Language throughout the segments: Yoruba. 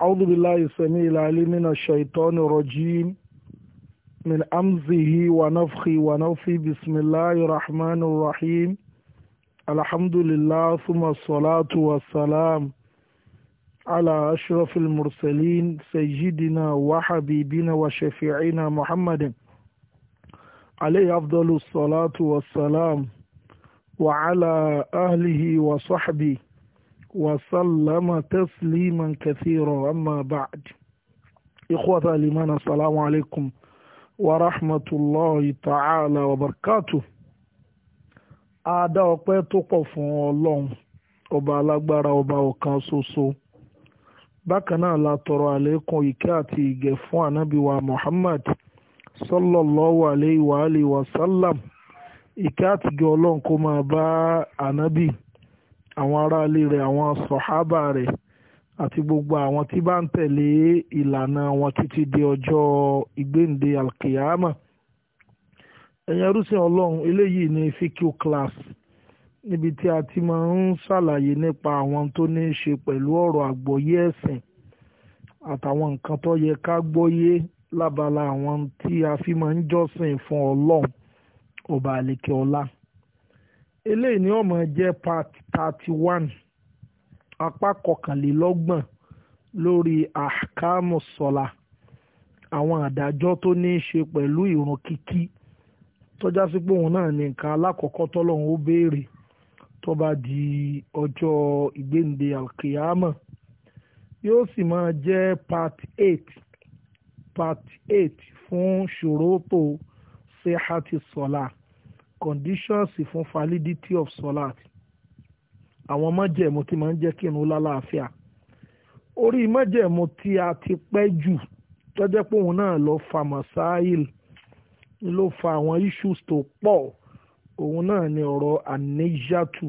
أعوذ بالله السميع العليم من الشيطان الرجيم من أمزه ونفخي ونفخه بسم الله الرحمن الرحيم الحمد لله ثم الصلاة والسلام على أشرف المرسلين سيدنا وحبيبنا وشفيعنا محمد عليه أفضل الصلاة والسلام وعلى أهله وصحبه وسلم تسليما كثيرا أما بعد إخوة الإيمان السلام عليكم ورحمة الله تعالى وبركاته Adá ọpẹ́ tó pọ̀ fún Ọlọ́run ọba alágbára ọba ọ̀kan ṣoṣo. Bákan náà la tọrọ àlékún ìkẹ́ àti ìgẹ̀ fún ànábì wa Muhammad sallallahu alayhi wa sallam ìkẹ́ àti ìgẹ̀ Ọlọ́run kó máa bá ànábì. àwọn aráalé rẹ̀ àwọn sọ̀hábà rẹ̀ àti gbogbo àwọn tí bá ń tẹ̀lé ìlànà wọn títí di ọjọ́ ìgbéǹde alkiyama ẹ̀yin arúsìn ọlọ́run eléyìí ni fíkú class níbi tí a ti máa ń ṣàlàyé nípa àwọn tó ní í ṣe pẹ̀lú ọ̀rọ̀ àgbọ́yé ẹ̀sìn àtàwọn nǹkan tó yẹ ká gbọ́yé lábala àwọn tí a fi máa ń jọ́sìn fún ọlọ́run ọba àlekè ọlá eléyìí ni ó máa jẹ́ part thirty one apá kọkànlélọ́gbọ̀n lórí ahkamu sọlá àwọn àdájọ́ tó ní í ṣe pẹ̀lú ìrun kíkí tọ́já sí pé òun náà ní nǹkan alákọ̀ọ́kọ́ tọ́lọ́run ó béèrè tó bá di ọjọ́ ìgbéǹde alkiyama yóò sì máa jẹ́ part eight part eight fún ṣòrótò sehati sọlá conditions fún validity of solar àwọn májẹ̀mú tí máa ń jẹ́ kí irun lálàáfíà orí májẹ̀mú tí a ti pẹ́ jù tó jẹ́ pé òun náà lọ fa masail ló fa àwọn issues tó pọ̀ òun náà ni ọ̀rọ̀ anejatu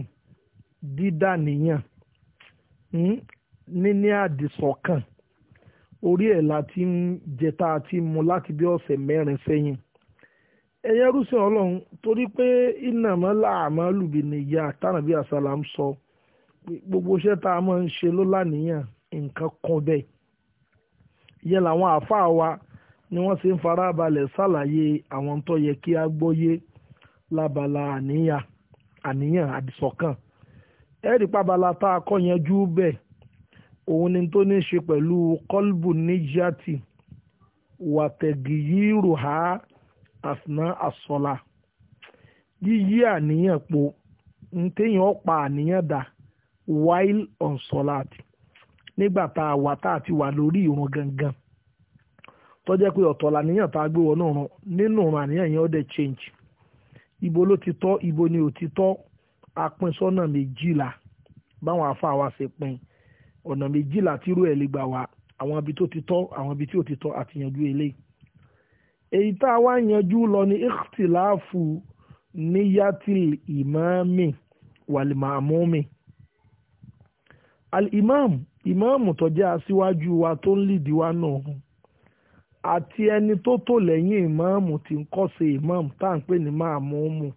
dídá nìyàn hmm, níní àdìsọ̀kàn orí ẹ̀ láti ń jẹta àti mu láti bí ọ̀sẹ̀ mẹ́rin sẹ́yìn ẹ̀yẹ ọlọ́run torí pé iná mọ́lá àmọ́ lùbí nìyá àsálà ń sọ. So gbogbo iṣẹ́ tá a máa ń ṣe ló lánìyàn nǹkan kan bẹ́ẹ̀ ìyẹn làwọn àáfàá wa ni wọ́n ṣe ń farabalẹ̀ ṣàlàyé àwọn tó yẹ kí a gbọ́yé lábala àníyàn àníyàn àdìsọ́kàn ẹ̀rí pàbàlà tá a kọ́ yanjú bẹ́ẹ̀ òun ni tó ní ṣe pẹ̀lú kọ́lbù níjàtì wàtẹ̀gìyìrùhá àsìná àsọ̀la yíyí àníyàn po ń téèyàn ọ̀pá àníyàn dáa while on solat nígbà tá a wà tá a ti wà lórí ìrun gangan tó jẹ́ pé ọ̀tọ̀ làníyàn tá a gbé wọnú ìrun nínú ìrun àníyàn yẹn ó dẹ̀ change ibo ló ti tọ́ ibo ni ò ti tọ́ apin sọ́nà méjìlá báwọn àfáà wa ṣe pin ọ̀nà méjìlá tírú ẹ̀ lè gbà wá àwọn ibi tó ti tọ́ àwọn ibi tí ò ti tọ́ àtìyànjú eléyìí èyí tá a wá yanjú lọ ní ikhtilafu níyàtìl ìmáàmì wàlìmàmúmi al-imam ìmáàmù tó jẹ́ aṣíwájú wa tó ń lìdí wa náà àti ẹni tó tò lẹ́yìn ìmáàmù tí ń kọ́ṣe ìmáàmù tá à ń pè ní máàmù ọmọ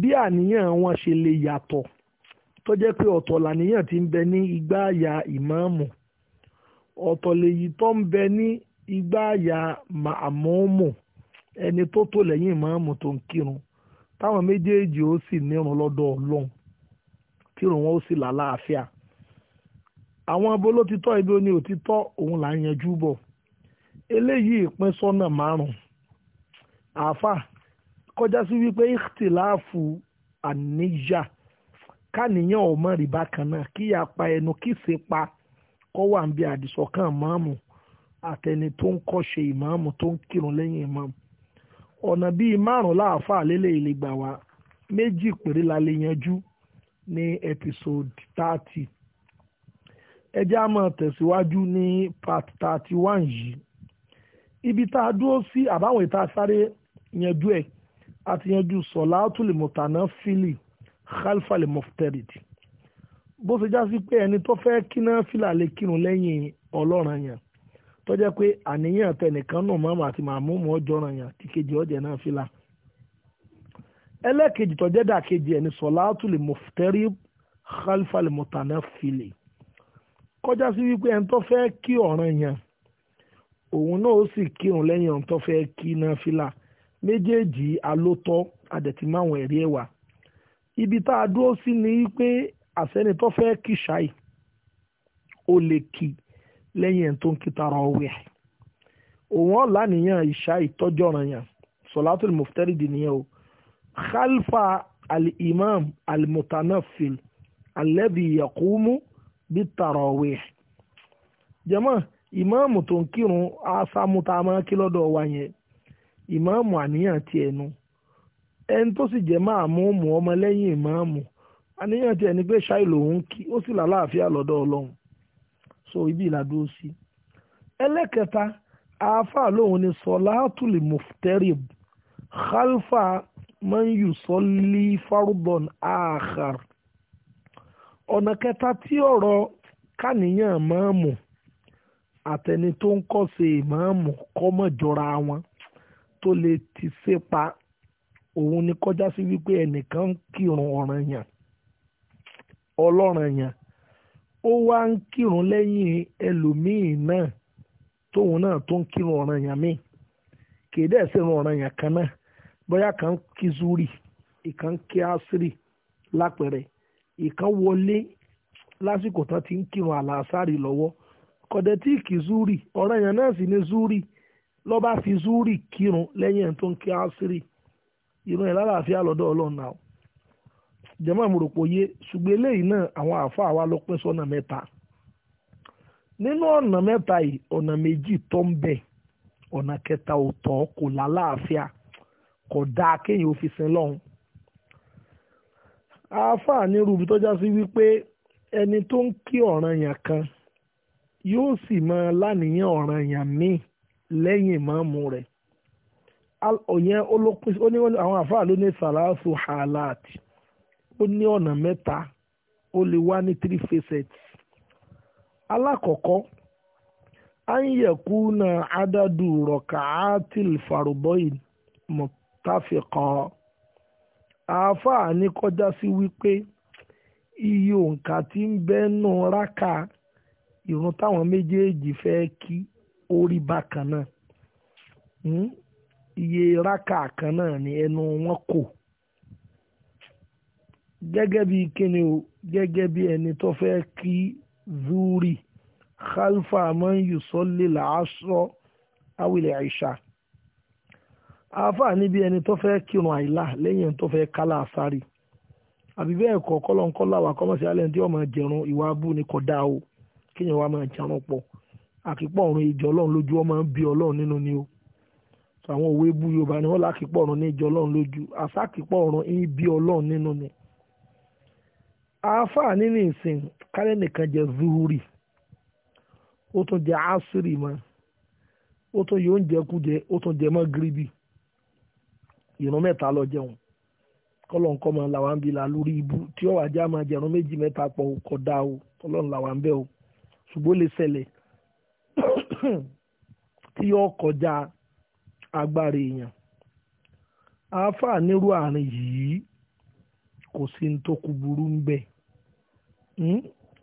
bí àníyàn wọn ṣe lè yàtọ̀ tó jẹ́ pé ọ̀tọ̀ làníyàn ti ń bẹ ní igbá àyà ìmáàmù ọ̀tọ̀ lèyí tó ń bẹ ní igbá àyà máàmù ọmọ ẹni tó tò lẹ́yìn ìmáàmù tó ń kírun táwọn méjèèjì ó sì nírun lọ́dọ̀ ọlọ́run kírun wọn ó sì lálàáfíà. La àwọn abo ló ti tọ́ ibi ó ní òtítọ́ òun là ń yanjú bọ̀ eléyìí pín sọ́nà márùn-ún àáfà kọjá sí wípé ìtìláàfù àníyà káníyàn ọmọ rìbá kan náà kí apá ẹnu kí ṣe pa kọ́ wà ń bí àdìsọ́kàn máàmù àtẹni tó ń kọ́ṣe ìmáàmù tó ń kírun lẹ́yìn ìmáàmù ọ̀nà bíi márùn-ún láàfà lélẹ̀ ìlẹ̀gbà wa méjì péré la lè yanjú ní episode thirty ẹ jẹ́ á máa tẹ̀síwájú ní part thirty one yìí ibi tá a dúró sí àbáwọn ìta sáré yanjú ẹ̀ àti yanjú sọ̀láàtúlì mọ̀tànà fílì khalfalè mọ̀tẹ́rìtì bó ṣe já sí pé ẹni tó fẹ́ kíná fílà lè kírun lẹ́yìn ọlọ́run yẹn tó jẹ́ pé àníyàn tẹnìkan náà mọ́mú àti màmúmú ọjọ́ràn yẹn tí kejì ọ̀jẹ̀ náà fílà ẹlẹ́kejì tó jẹ́ dà kejì ẹni sọ̀láàtúlì mọ̀tẹ́rì khalfalè mọ̀tànà fílì kọjá sí wípé ẹni tó fẹ́ kí ọ̀ràn yẹn òun náà ó sì kírun lẹ́yìn ọ̀hún tó fẹ́ kí náfìlà méjèèjì alótọ́ adẹ̀tí máwọn ẹ̀rí ẹ̀wà ibi tá a dúró sí ni wípé àsẹ́ni tó fẹ́ kí ṣáì ó lè kí lẹ́yìn ẹni tó ń kí tara ọwẹ́ òun ọ̀la nìyẹn ìṣáì tọ́jú ọ̀ràn yẹn sọ̀látùl muftaridi nìyẹn o khalfa alimam imam al-mutanafil bíi tarawih jẹ́mọ́ ìmáàmù tó ń kírun aṣáàmù tá a máa kí lọ́dọ̀ wa yẹn ìmáàmù àníyàn ti ẹnu ẹni tó sì jẹ́ máàmù mú ọmọ lẹ́yìn ìmáàmù àníyàn ti ẹni pé ṣáì lòun kí ó sì lálàáfíà lọ́dọ̀ ọlọ́run so ibi ìlàdúró sí ẹlẹ́kẹta àáfàá lòun ni sọláàtùlì muftarib khalfa man yusolli fardon akhar ọ̀nà kẹta tí ọ̀rọ̀ kàníyàn máàmù àtẹni tó ń kọ́ ṣe ìmáàmù kọ́mọ̀jọra wọn tó lè ti sépa òun ni kọjá sí wípé ẹnìkan ń kírun ọ̀ranyàn ọlọ́ranyàn ó wá ń kírun lẹ́yìn ẹlòmíì náà tóun náà tó ń kírun ọ̀ranyàn míì kìí dẹ̀ sírun ọ̀ranyàn kan náà bóyá kan kí zuri asiri ìkan wọlé lásìkò tán ti ń kírun àlàásárì lọ́wọ́ kọ̀dẹ̀tíìkì zuri ọ̀rọ̀ èèyàn náà sì ní zuri ló bá fi zuri kírun lẹ́yìn tó ń kí asiri ìrun ẹ̀ lọ́dọ̀ ọlọ́run náà jẹ́mọ́ mo rò pé ṣùgbọ́n eléyìí náà àwọn àáfàá kẹta ò tọ́ kò lálàáfíà kò dáa kéèyàn àáfàá ní rúbi tó já wípé ẹni tó ń kí kan yóò sì máa láníyàn ọ̀ranyàn míì lẹ́yìn ìmáàmù rẹ̀ òyìn olópin ó ní àwọn àáfàá ló ní sàlásù hàlàtì ó ní ọ̀nà mẹ́ta ó lè wá ní three facets alákọ̀ọ́kọ́ adadu rọ̀kà àáfàá ní kọjá sí wípé iye òǹkà tí ń bẹ́nu rákà ìrun táwọn méjèèjì fẹ́ kí orí bákan náà hmm? iye rákà kan náà ni ẹnu wọn kò gẹ́gẹ́ bí kíni o gẹ́gẹ́ bí ẹni tó fẹ́ kí zuri khalfa man yusolli làásọ awilẹ̀ aisha àáfà níbi ẹni tó fẹ́ kírun àìlà lẹ́yìn tó fẹ́ kálá àsárì àbí bẹ́ẹ̀ kọ́ kọ́lọ́nkọ́lá wà kọ́mọ̀sí alẹ́ tí ọmọ jẹrun ìwà abú ni kò dáa o kéèyàn wà máa jẹrun pọ̀ àkìpọ̀ ọ̀run ìjọ ọlọ́run lójú ọmọ ń bí ọlọ́run nínú ni o àwọn òwe bú yorùbá ni wọ́n lákìpọ̀ ọ̀run ní ìjọ ọlọ́run lójú àsákìpọ̀ ọ̀run ń bí ọlọ́run nínú ni. àáfà nínú ìsìn kálẹ̀ nìkan jẹ zuhuri ó tún jẹ asiri mọ́ ó tún yóò ń jẹ kújẹ ó tún jẹ mọ́ gíríbì ìrun mẹ́ta lọ jẹun kọ́lọ́n kọ́ máa làwọn bí la lórí ibú tí ọ̀wá já máa jẹun méjì mẹ́ta pọ̀ kọ́ dá o kọ́lọ́n làwọn bẹ́ o ṣùgbọ́n lè ṣẹlẹ̀ tí yóò kọjá agbára èèyàn àáfàá nírú àárín yìí kò sí ní tó kú burú ń bẹ̀ hmm?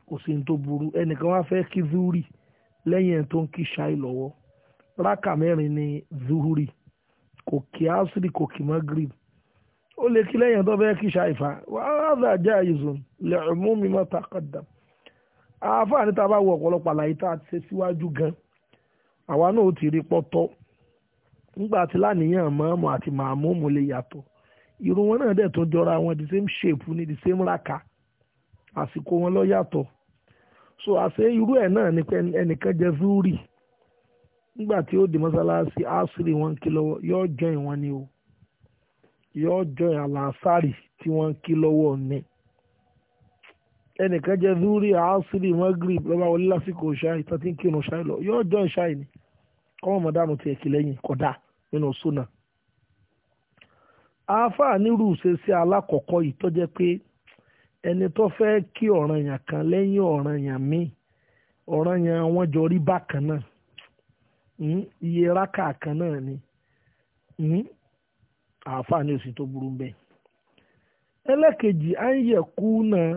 kò sí ní tó burú ẹnìkan wá fẹ́ kí zuhuri lẹ́yìn ẹ̀ tó ń kí ṣáì lọ́wọ́ rákà mẹ́rin ni zuri kò kí asiri kò kí magrib ó lè kí lẹ́yìn tó fẹ́ kí ṣàìfà wàhálà àjà ìzùn lẹ́ẹ̀mú mi má ta kàdà àáfàá níta bá wọ ọ̀pọ̀lọpọ̀ àlàyé tá a ti ṣe síwájú gan àwa náà ti rí pọ́tọ́ nígbà tí láníyàn mọ́ọ́mù àti màmúmù lè yàtọ̀ irun wọn náà dẹ̀ tó jọra wọn the same shape ní the same raka àsìkò wọn lọ yàtọ̀ so àṣẹ irú ẹ̀ náà ni pé ẹnìkan jẹ zúrì nígbà tí ó di mọ́sálásí asiri wọ́n kí lọ́wọ́ yóò jọ ìwọ́n ni o yóò jọ àlàásárì tí wọ́n kí lọ́wọ́ ni ẹnìkan je zuri asiri magrib lọ́ba wọlé lásìkò ṣáì tó ti ń kírun ṣáì lọ yóò jọ ìṣáì ni kọ́mọ̀ mọ̀dánù tiẹ̀ kí lẹ́yìn kódà nínú súnà àáfàá nírú ṣe ala alákọ̀ọ́kọ́ yìí tó jẹ́ pé ẹni tó fẹ́ kí kan lẹ́yìn oranya míì ọ̀ranyàn wọn jọ rí bákan náà Hmm? iye raka kan náà ni hmm? àáfàá ní òsì tó burú ń bẹ. ẹlẹ́kejì à ń yẹ kú náà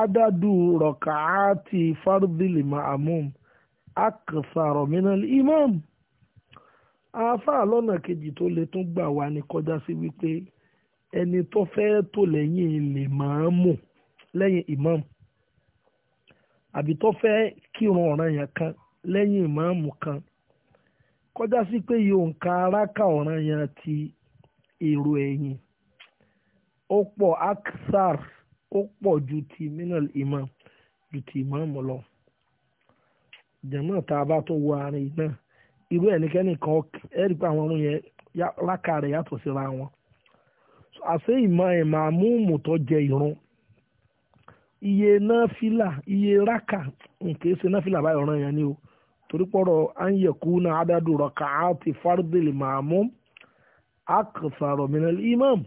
adadu rọ̀kàátì fardil ma'amum akasaro minal imam àáfàá lọ́nà kejì tó lè tún gbà wá ní kọjá sí wípé ẹni tó fẹ́ tò lẹ́yìn lè máa mú lẹ́yìn imam àbí tó fẹ́ kírun ọ̀ranyàn kan lẹ́yìn ìmáàmù kan kọjá sí pé yòǹkà aráka ọ̀ràn yẹn ti èrò ẹ̀yìn ó pọ̀ aksar ó pọ̀ ju ti minal imam ju ti imam lọ jẹ̀mọ́ tá a bá tún wo àárín náà irú ẹnikẹ́ni kan ẹ̀rí pé àwọn ọ̀run yẹn ráka rẹ̀ yàtọ̀ síra wọn àṣé ìmọ̀ ìmọ̀ àmúhùnmù tó jẹ ìrun iye náfìlà iye ráka nkèé ṣe náfìlà báyọ̀ ọ̀ràn yẹn ni o torípọ̀rọ̀ anyekuna adadu rakaati fardil maamum aktharo minal imam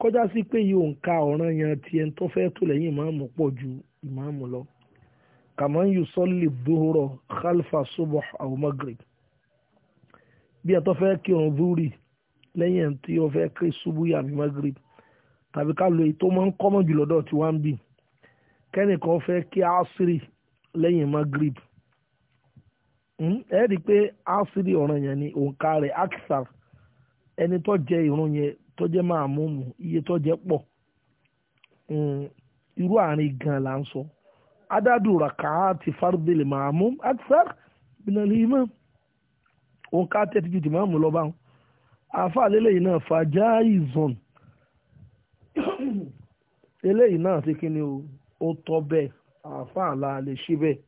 kọjá sí pé yìí òǹkà ọ̀ràn yẹn tiẹ̀ tó fẹ́ tó lẹ́yìn ìmáàmù pọ̀ ju ìmáàmù lọ kàmá yusolli dhuhra khalfa subh aw maghrib bí ẹ tó fẹ́ kírun dhuri lẹ́yìn ẹ̀ tí ó fẹ́ kí ṣubú yàbí maghrib tàbí ká lo èyí máa ń kọ́mọ̀ jùlọ dọ̀ tí wọ́n ń bì kẹ́nìkan fẹ́ kí asiri lẹ́yìn magrib Hmm? ẹ rí i pé asiri ọ̀ràn yẹn ni òǹkà rẹ̀ aksar ẹni tó jẹ irun yẹn tó jẹ máa mú mu iye tó jẹ pọ̀ hmm, irú àárín gan la ń sọ adadu rakaati fardil maamum aksar minal imam òǹkà tẹ́tí ju tìmáàmù lọ báwọn àfa lélẹ́yìn náà fàjà ìzọ̀n eléyìí náà ti kíni ó tọ́ bẹ́ẹ̀ àfa àlà ṣe bẹ́ẹ̀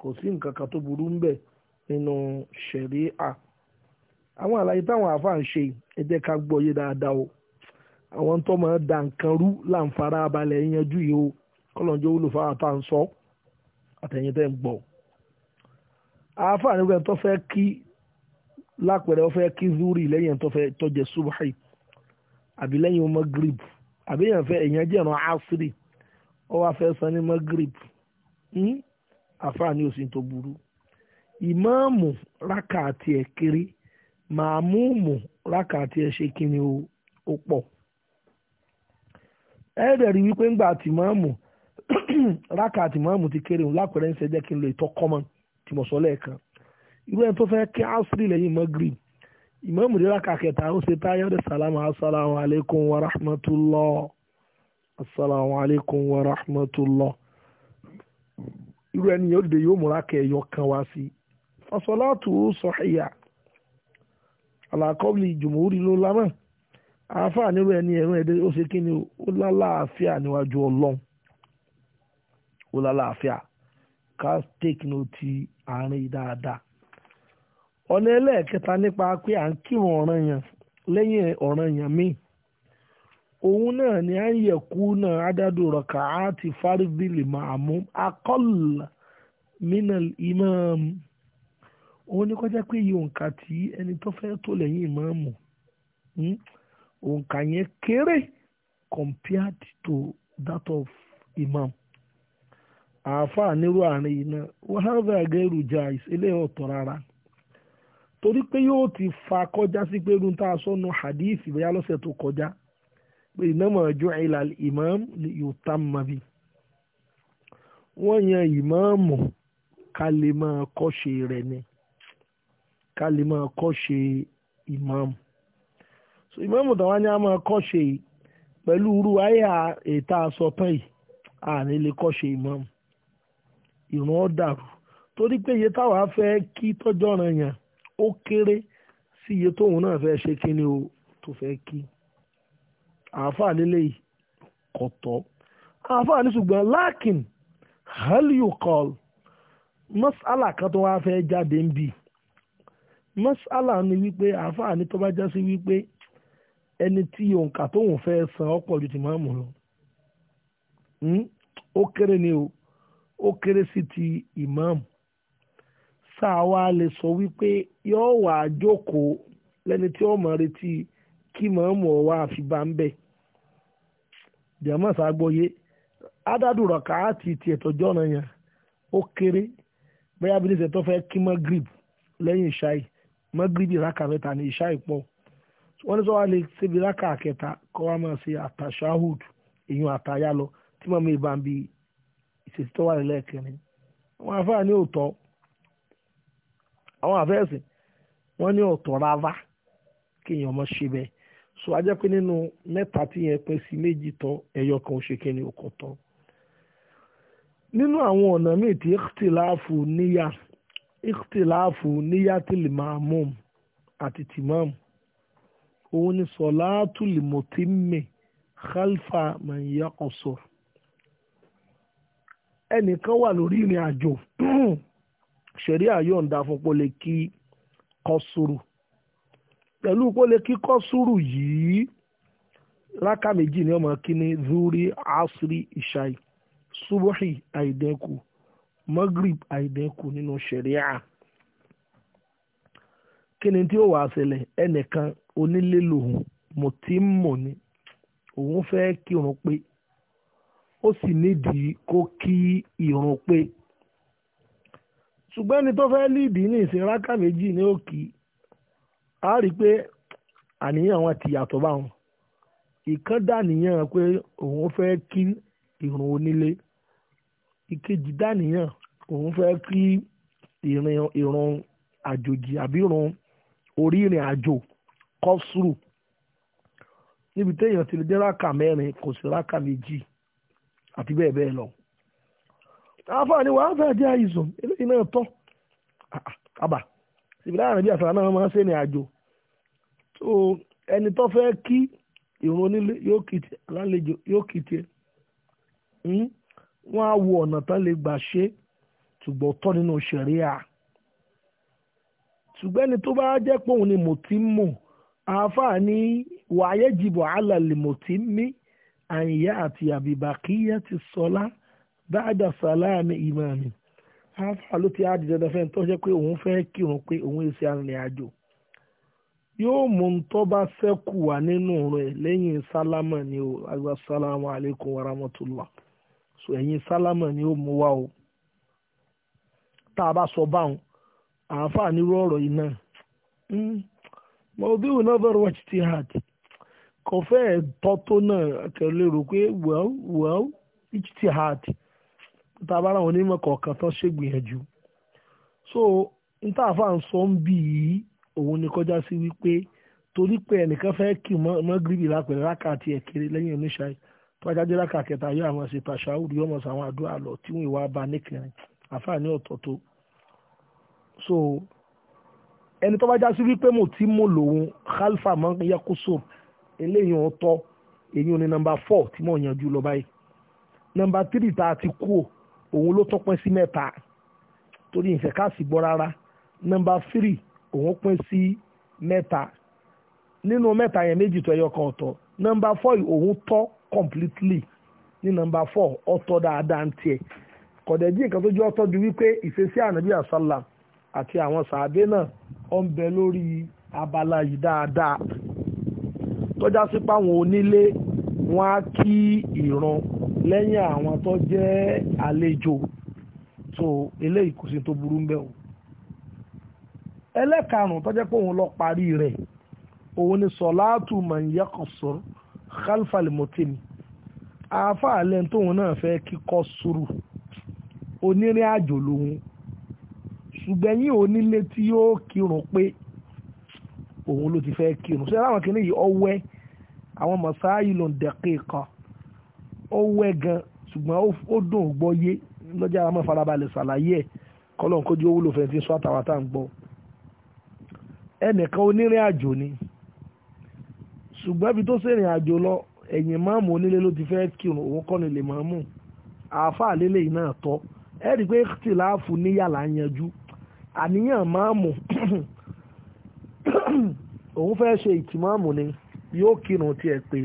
kò sí nǹkan kan tó burú ń nínú ṣẹ̀ríà àwọn àlàyé táwọn àáfàá ń ṣe ẹ ká gbọ́ yé dáadáa o àwọn tó máa da nǹkan rú láǹfààrà abalẹ̀ yanjú yìí o kọ́lọ́njọ́ wúlò fáwọn tá ń sọ àtẹ̀yìn tẹ́ ń gbọ́ àáfàá nígbà tó fẹ́ kí lápẹ̀rẹ̀ ó fẹ́ kí zuri lẹ́yìn tó fẹ́ tọ́jẹ subahi àbí lẹ́yìn magrib àbí èèyàn fẹ́ èèyàn jẹ̀ràn asiri ó wá fẹ́ san ní magrib hmm? àfáà ní òsì tó burú ìmáàmù rákà àti ẹ̀ kiri màmúùmù rákà ẹ̀ ṣe kíni ó pọ̀ ẹ̀ẹ́dẹ̀ rí wípé ńgbà àti màmù rákà àti ti kéré òun lápẹ̀rẹ̀ ń ṣe kí n lo ìtọ́ kọ́mọ tí mo sọ lẹ́ẹ̀kan irú ẹni tó fẹ́ kí ásírì lẹ́yìn magrib ìmáàmù rí rákà kẹta ó ṣe táyọ̀ dẹ̀ sàlámù asàlámù alaykum wa rahmatullah asàlámù alaykum wa irú ẹni yóò dìde kan wá sí ọsọ sọ̀hìyà alákọ́bìlì jùmúrí ló lámà àáfàá nírú ẹni ẹ̀rùn ẹ̀dẹ́ ó ṣe kíni ó lálàáfíà níwájú ọlọ́run ó lálàáfíà ká take note àárín dáadáa ọ̀nà ẹlẹ́ẹ̀kẹta nípa pé à ń kírun ọ̀ràn òun náà ni à náà a ti òun ní kọjá pé iye òǹkà tí ẹni tó fẹ́ tó lẹ́yìn ìmáàmù hmm, òǹkà yẹn kéré compared to that of imam àáfàá nírú àárín iná wàhálà gẹ́rù jais eléyìí ọ̀tọ̀ rárá torí pé yóò ti fa kọjá sí pé irun tá a sọnù hadith bóyá lọ́sẹ̀ tó kọjá pé innama ju'ila al-imam li yutamma bi wọ́n yan ìmáàmù ká lè máa kọ́ṣe rẹ̀ ni ká lè máa kọ́ ṣe ìmáàmù so ìmáàmù tàwa ni a máa kọ́ ṣe yìí pẹ̀lú irú ayé ètà àsọtán yìí a ní lè kọ́ ṣe ìmáàmù ìran ó dàrú torí pé iye táwa fẹ́ kí tọ́jọ́ ọ̀ràn yẹn ó kéré sí iye tóun náà fẹ́ ṣe kíni o tó fẹ́ kí àáfàá nílé yìí kò tọ́ àáfàá ní ṣùgbọ́n láàkìn hell you masala kan tó wá fẹ́ jáde ń bì í masala ni wípé àáfàá tó bá já sí wípé ẹni tí òǹkà tóun fẹ́ san ọ̀pọ̀ ju ti máa lọ hmm? ó kéré ni o ó kéré sí ti ìmáàmù sáà lè sọ wípé yóò wà á jókòó lẹ́ni tí ó máa retí kí màámù ọ̀wá àfibá ń bẹ̀. jàmọ́ sàgbọ́yé ádádùrọ̀ káàtì ti tọjọ́ ọ̀nà yẹn ó kéré tó kí grip mọ́gíríbì rákà mẹ́ta ní ìṣá ìpọ̀ wọ́n ní sọ wá lè ṣébi rákà kẹta kọ́ wá máa ṣe àtàṣáhùd èèyàn àtàyà lọ tí màmí ìbá ń bi ìṣètí tó wà nílẹ̀ kẹrin àwọn àfáà ní òótọ́ àwọn àfẹ́ẹ̀sì wọ́n ní ọ̀tọ̀ rárá kéèyàn ọmọ ṣe bẹ́ẹ̀ so a pé nínú mẹ́ta tí yẹn pín sí méjì tọ́ ẹ̀yọ kan ṣe kí ni òkò tọ́ nínú àwọn ọ̀nà míì tí ikhtilafu níyà ìkìtìláàfù níyàtìlì màmúm àti tìmọ́m òun ni sọ̀láàtùlì mọ̀tìmì khalfa mẹ̀yà ọ̀sọ̀ ẹnìkan wà lórí ìrìn àjò ṣẹ̀rí àyọ̀ǹda fún pọ́lẹ̀ kí kọ́sùrù pẹ̀lú pọ́lẹ̀ kí kọ́sùrù yìí rákà méjì ni ọmọ kí ni zuri asiri ishai subuhi àìdẹ́kù magrib àìdẹ́kù nínú ṣẹ̀ríà kí tí ó wàá ṣẹlẹ̀ ẹnìkan onílé lòun mo ti ń mọ̀ ni òun fẹ́ kírun pé ó sì nídìí kó kí ìrun pé ṣùgbọ́n ẹni tó fẹ́ lídìí ní ìsìn rákà méjì ní òkì á rí i pé àníyàn wọn ti yàtọ̀ báwọn ìkan dàníyàn pé òun fẹ́ kí ìrun onílé ìkejì dàníyàn òun fẹ́ kí ìrun àjòjì àbí ìrun orí ìrìn àjò kọ́sùrù níbi téèyàn ti lè dé rákà mẹ́rin kò sí rákà méjì àti bẹ́ẹ̀ bẹ́ẹ̀ lọ. àfààní wàá fẹ́ jẹ́ àìsàn eléyìí náà tán àbà síbi láàrin bí àsàrà náà máa ń ṣe ní àjò tó ẹni tó fẹ́ kí ìrun onílé yóò kìtì alálejò yóò kìtì ẹ̀ hmm? wọ́n á wo ọ̀nà tán lè gbà ṣe ṣùgbọ́n tọ́ nínú ṣẹ̀ríà ṣùgbọ́n ẹni tó bá jẹ́ pé òun ni mo ti ń mọ̀ àáfàá ní wàáyé jìbọ̀ alàlè mo ti ń mí àyíyá àti àbíbàkíyá ti sọlá dáadáa sàlámì ìmáàmì àáfàá ló ti àdìdẹ dandan tó jẹ́ pé òun fẹ́ kírun pé òun èsì arìnrìn àjò yóò mú un tó bá ṣẹ́kù wá nínú rẹ̀ lẹ́yìn sálámà ni o àgbà sálámà alaikum warahmatullah. so ẹ̀yin sálámà ni ó mú wá o tá sọ báwọn àáfàá ọ̀rọ̀ yìí náà hmm. never watch ti hard kò tọ́ tó náà pé well well ti hard tá a bá ráwọn onímọ̀ kọ̀ọ̀kan tán ṣègbìyànjú so níta àáfàá ń sọ ń bì òun ni kọjá sí wípé torí pé ẹnìkan fẹ́ mọ́ tọ́jáde rákà kẹta yóò àwọn ṣe tàṣàhúdù yóò mọ̀ sí àwọn àdúrà lọ tí wọ́n ìwà bá níkẹrin àfààní ọ̀tọ̀ tó so ẹni tó bá já sí wípé mo ti mú lòun khalfa mọ yakuso eléyìí ò tọ èyí ò ní nọ́mbà four tí mo yànjú lọ báyìí nọ́mbà three tá a ti kú òun ló tọpin sí mẹ́ta torí ìfẹ́ káàsì gbọ́ rárá nọ́mbà three òun pín sí mẹ́ta nínú mẹ́ta yẹn méjì tó ẹyọ kan ọ̀tọ̀ nọ́mbà four òun tọ́ completely ní nọ́mbà four ọ̀tọ̀ dáadáa ń tiẹ̀ kọ̀dẹ̀jì nǹkan tó jẹ́ ọ̀tọ̀ ju wípé ìfesí ànábì àsálà àti àwọn sàábé náà ó ń bẹ lórí abala yìí dáadáa tọ́já sí páwọn onílé wọn á kí ìran lẹ́yìn àwọn tó jẹ́ àlejò so eléyìí kò sí tó burú ń bẹ̀ o ẹlẹ́karùn-ún tọ́jẹ́ pé òun lọ parí rẹ̀ òun ni sọ̀láàtù man yaqsur khalfal mutini àáfàá lẹ́nu tóun náà fẹ́ kíkọ́ sùúrù onírìn àjò lòun ṣùgbọ́n yín onílé tí yóò kírun pé òun ló ti fẹ́ kírun ṣé láwọn kìíní yìí ọwẹ́ àwọn mọ̀sáàyì ló ń dẹ̀kẹ́ kan ọwẹ́ gan ṣùgbọ́n ó dùn gbọ́ yé lọ́jà àwọn afárabalẹ̀ ṣàlàyé ẹ̀ kọ́lọ́n kójú owó lòfẹ́ tí ń sọ àtàwọn àtàǹgbọ́ ẹnìkan onírìn àjò ni. ṣùgbọ́n ibi tó ṣèrìn àjò lọ ẹ̀yìn máàmù onílé ló ti fẹ́ kírun òun kọ́ni lè máàmù àáfàá lélẹ̀ yìí náà tọ́ ẹ rí i pé tìláàfù níyàlá yanjú àníyàn máàmù òun ni yóò kírun tiẹ̀ pé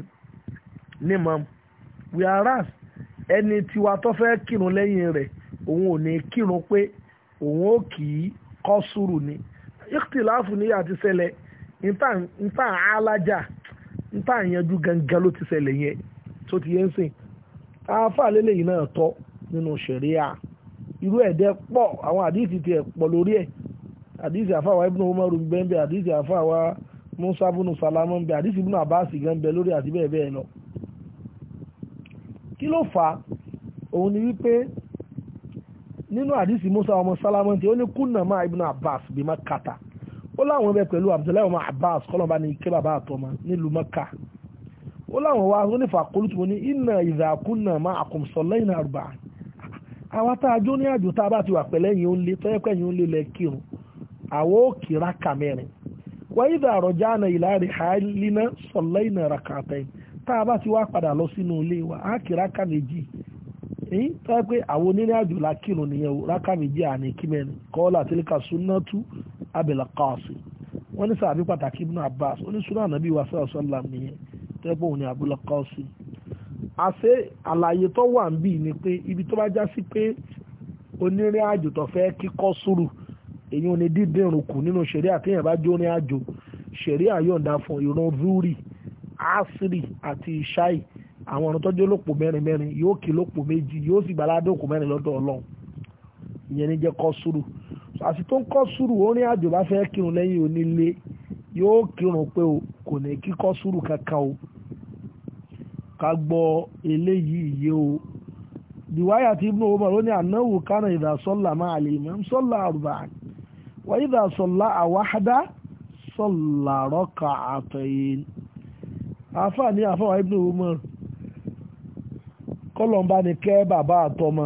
ní máàmù ẹni tiwa tó fẹ́ kírun lẹ́yìn rẹ̀ òun ò ní kírun pé òun ò kì í kọ́ sùúrù ni níyà ti alaja. n tá à ń yanjú gangan ló ti ṣẹlẹ̀ yẹn tó ti yẹn ń sìn àáfàá lélẹ́yìn náà tọ́ nínú ṣẹ̀ríà irú ẹ̀dẹ́ pọ̀ àwọn àdìsí ti ẹ̀ pọ̀ lórí ẹ̀ àdìsí àfàwà ibùnú umaru gbẹ́ ń bẹ àdìsí àfàwà musa bùnú salamu ń bẹ àdìsí ibùnú abasi gan ń lórí àti bẹ́ẹ̀ bẹ́ẹ̀ lọ. kí ló fà á òun ni wípé nínú àdìsí musa ọmọ salamu ti ó ní kùnà máa ibùnú abas bí má kàtà ó láwọn bẹ pẹ̀lú abdullahi ọmọ abbas kọ́lọ́ba ní ike bàbá àtọ́mọ nílùú mẹ́ka ó láwọn wá ó ní fàkólútù wọn ní iná ìdàkúnà máa àkùnṣọ́lẹ́ ìnà àrùbà àwa tá a jó ní àjò tá a bá ti wà pẹ̀lẹ́ yìí ó lé tọ́yẹ́pẹ́ yìí ó lé lẹ́ kírun àwọ̀ ó kì ráka mẹ́rin wáyé dàrọ̀já àna ìlà rẹ̀ ha líná sọ̀lẹ́ ìnà ràkàtà tá a àwọn onírìn àjò la kírun nìyẹn o ráka mẹ́rin kọ́ọ́lá tílíkà súnátù abil qaasi wọ́n ní sàbí pàtàkì ibn abbas oníṣúná ànábì wa sọ́ọ̀ sọ́lá nìyẹn tẹ́gbọ́n ní abul qaasi àlàyé tó wà ń bì ni pé ibi tó bá já sí pé onírìn àjò tó fẹ́ kíkọ́ sùúrù èyí ò ní dídìrún kù nínú ṣẹ̀rí àtẹ̀yìn bá jó rìn àjò ṣẹ̀rí àyọ̀ǹda fún ìran zuri asiri àti ishai àwọn ọ̀nà tọ́jú olóòpó mẹ́rin mẹ́rin yóò kí lóòpó méjì yóò sì gbàládé òkú mẹ́rin lọ́dọ̀ ọlọ́run ìyẹn ní jẹ́ kọ́ sùúrù àti tó ń kọ́ sùúrù orin àjò bá fẹ́ kírun lẹ́yìn onílé yóò kírun pé o kò ní kíkọ́ sùúrù kankan o ká gbọ́ eléyìí yé o ìwáyà tí Ibn Umar ó ní ànáwó kánà idha salla ma'a al-imam salla arba'an wa idha salla wahda salla rak'atayn àfáà ní àfáà Ibn Umar kọ́lọ̀ ń bá ní kẹ́ bàbá àtọmọ.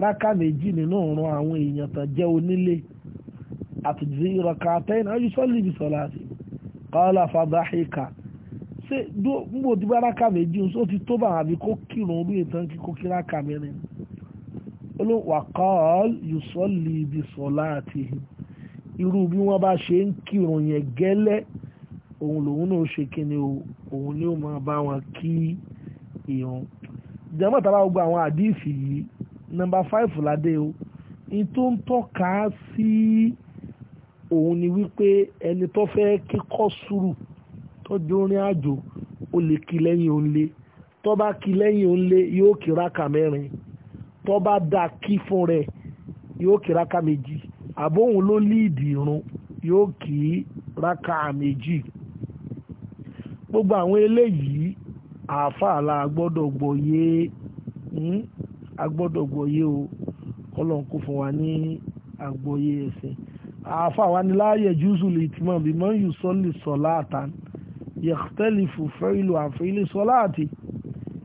rákà méjì nínú ọ̀run àwọn èèyàn tán jẹ́ onílé àtùjì ìrọ̀kà àtẹ́yìn náà yíṣọ́ lè bìsọ̀ láti kọ́lá fàdáhìkà ṣé mbò tí bá rákà méjì ń sọ ti tó bá àbí kó kírun orí ìtàn kíkó kí rákà mẹ́rin olówà kọ́ọ̀lù yíṣọ́ lè bìsọ̀ láti irú bí wọ́n ba ṣe ń kírun yẹn gẹ́lẹ́ òun lòun náà ṣe kíni o òun ni ó máa bá wọn kí ìhun jẹ́mọ́ta bá gbogbo àwọn àdíìsì yìí nọ́mbà five ládé o in tó ń tọ́ka sí òun ni wípé ẹni tó fẹ́ kíkọ́ sùúrù tọ́jú orin àjò ó lè kí lẹ́yìn òǹlé tó bá kí lẹ́yìn òǹlé yóò kí ráka mẹ́rin tó bá dá kí fún rẹ̀ yóò kí ráka méjì àbóhùn ló líìdì irun yóò kí ráka méjì gbogbo àwọn eléyìí àáfàá la gbọ́dọ̀ gbọ́ yé hmm? agbọ́dọ̀ gbọ́yé o kọ́lọ́n kó fún wa ní àgbọ́yé ẹ̀sìn àáfà wa ni láàyè júùsù lè tìmọ̀ bí mọ́ yù sọ́lì sọ́lá àtàn yẹ̀kítẹ́lifù fẹ́ìlù àfẹ́ìlì sọ́lá àti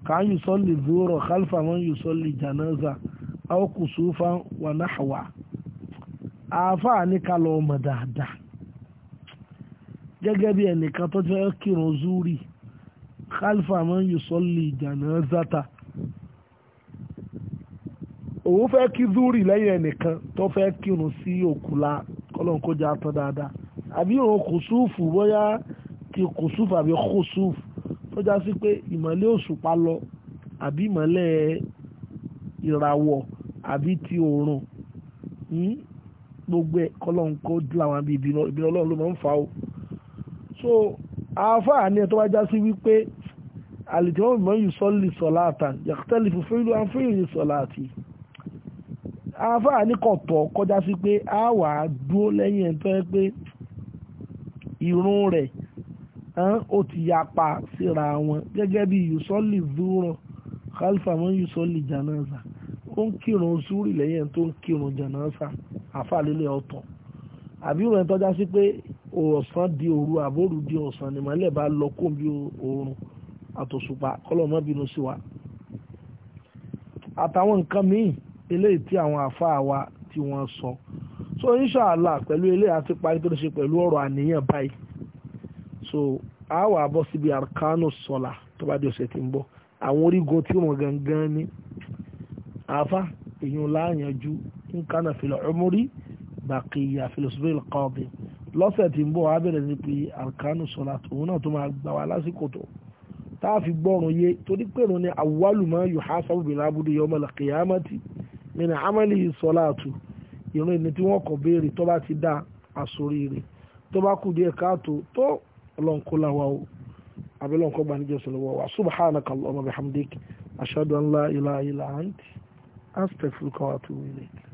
kàn yù sọ́lì zúrọ̀ kálífà mọ́ yù sọ́lì jànáza àwòkùsùfà wà náhàwà àáfà ni ká lọ dáadáa gẹ́gẹ́ bí ẹnìkan tó fẹ́ kírun zúrì kálífà mọ́ sọ́lì jànáza ta òun fẹ́ kí zuri lẹ́yìn ẹnìkan tó fẹ́ kírun sí òkúla kọ́lọ́n kó já tán dáadáa àbí òun kò súùfù bóyá ti kò súùfù àbí kò súùfù tó já sí pé ìmọ̀lẹ́ òṣùpá lọ àbí ìmọ̀lẹ́ ìràwọ̀ àbí ti òòrùn hmm? gbogbo ẹ̀ kọ́lọ́n kó láwọn àbí ìbínú ọlọ́run ló máa ń fa o so àáfàá ni ẹ̀ tó wá já sí wípé àlìtẹ́wọ̀n mọ́ yìí sọ́ọ́lì sọ̀láàtà yàtọ̀ lè fòfin ìlú àǹfọ̀yìn sọ̀láàtì yìí àáfàá ní kọ̀tọ̀ kọjá sí pé a wà á dúró lẹ́yìn ẹ̀ tó yẹ pé ìrun rẹ̀ ó ti yapa síra wọn gẹ́gẹ́ bí yusọ́lì zúrọ̀ kálífà mọ́ yusọ́lì jànáza ó ń kírun zúrì lẹ́yìn ẹ̀ tó ń kírun jànáza àáfàá lélẹ̀ ọ̀tọ̀ àbí ìròyìn tọ́já sí pé ọ̀sán di òru àbóòrù di ọ̀sán ni màálẹ̀ bá lọ kó bí oorun àtòṣùpá kọ́lọ̀ mọ́ sí wa àtàwọn nǹkan míì eléyìí tí àwọn àfáà wa tí wọ́n sọ so inshàlá pẹ̀lú eléyìí àti parí tó ṣe pẹ̀lú ọ̀rọ̀ àníyàn báyìí so a wà bọ́ síbi arkanu sọlá tó bá di ọ̀sẹ̀ tí ń bọ̀ àwọn orígun tí wọ́n gangan ní àfa èèyàn láàyànjú ń kánà fìlà ọmọrí bàkìyà fìlọsọfì kọ́ọ̀bì lọ́sẹ̀ tí ń bọ̀ a bẹ̀rẹ̀ sí pé arkanu sọlá òun náà tó máa gbà wá lásìkò tó tá a fi gbọ́rùn yé torí pé òun ni awwalu ma yuhasabu bil abdi yawm al qiyamati mina amali sọláàtù ìrun ẹni tí wọ́n kọ̀ béèrè tó bá ti dá to rẹ̀ tó bá kù díẹ̀ káàtó tó ọlọ́nkó làwà o abẹ́lọ́nkó gbanijọ́sọ̀ lọ́wọ́ wa subhanaka allahumma bihamdik ashhadu an la ilaha illa anti astaghfiruka wa atubu ilayk